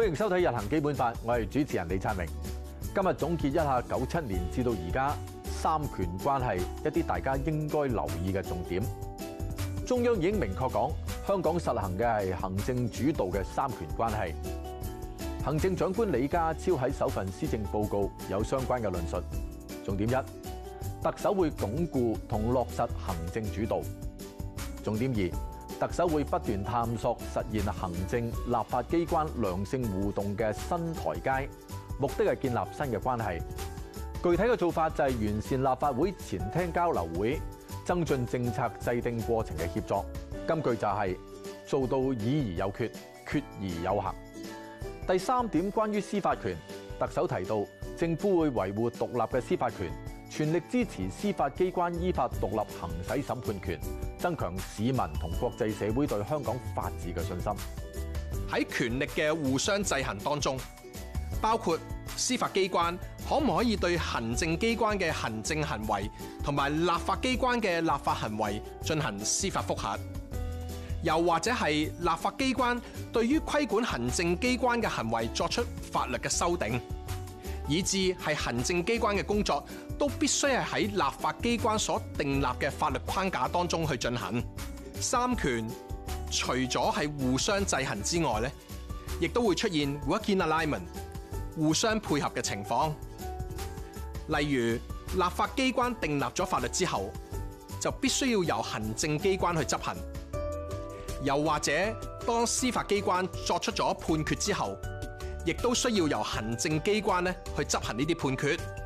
歡迎收睇《日行基本法》，我係主持人李振明。今日總結一下九七年至到而家三權關係一啲大家應該留意嘅重點。中央已經明確講，香港實行嘅係行政主導嘅三權關係。行政長官李家超喺首份施政報告有相關嘅論述。重點一，特首會鞏固同落實行政主導。重點二，特首會不斷探索實現行政立法機關良性互動嘅新台階，目的係建立新嘅關係。具體嘅做法就係完善立法會前廳交流會，增進政策制定過程嘅協助。根據就係做到議而有決，決而有行。第三點關於司法權，特首提到政府會維護獨立嘅司法權。全力支持司法機關依法獨立行使審判權，增強市民同國際社會對香港法治嘅信心。喺權力嘅互相制衡當中，包括司法機關可唔可以對行政機關嘅行政行為同埋立法機關嘅立法行為進行司法複核，又或者係立法機關對於規管行政機關嘅行為作出法律嘅修訂？以至係行政機關嘅工作都必須係喺立法機關所訂立嘅法律框架當中去進行。三權除咗係互相制衡之外咧，亦都會出現 work in alignment 互相配合嘅情況。例如立法機關訂立咗法律之後，就必須要由行政機關去執行；又或者當司法機關作出咗判決之後。亦都需要由行政機關咧去執行呢啲判決。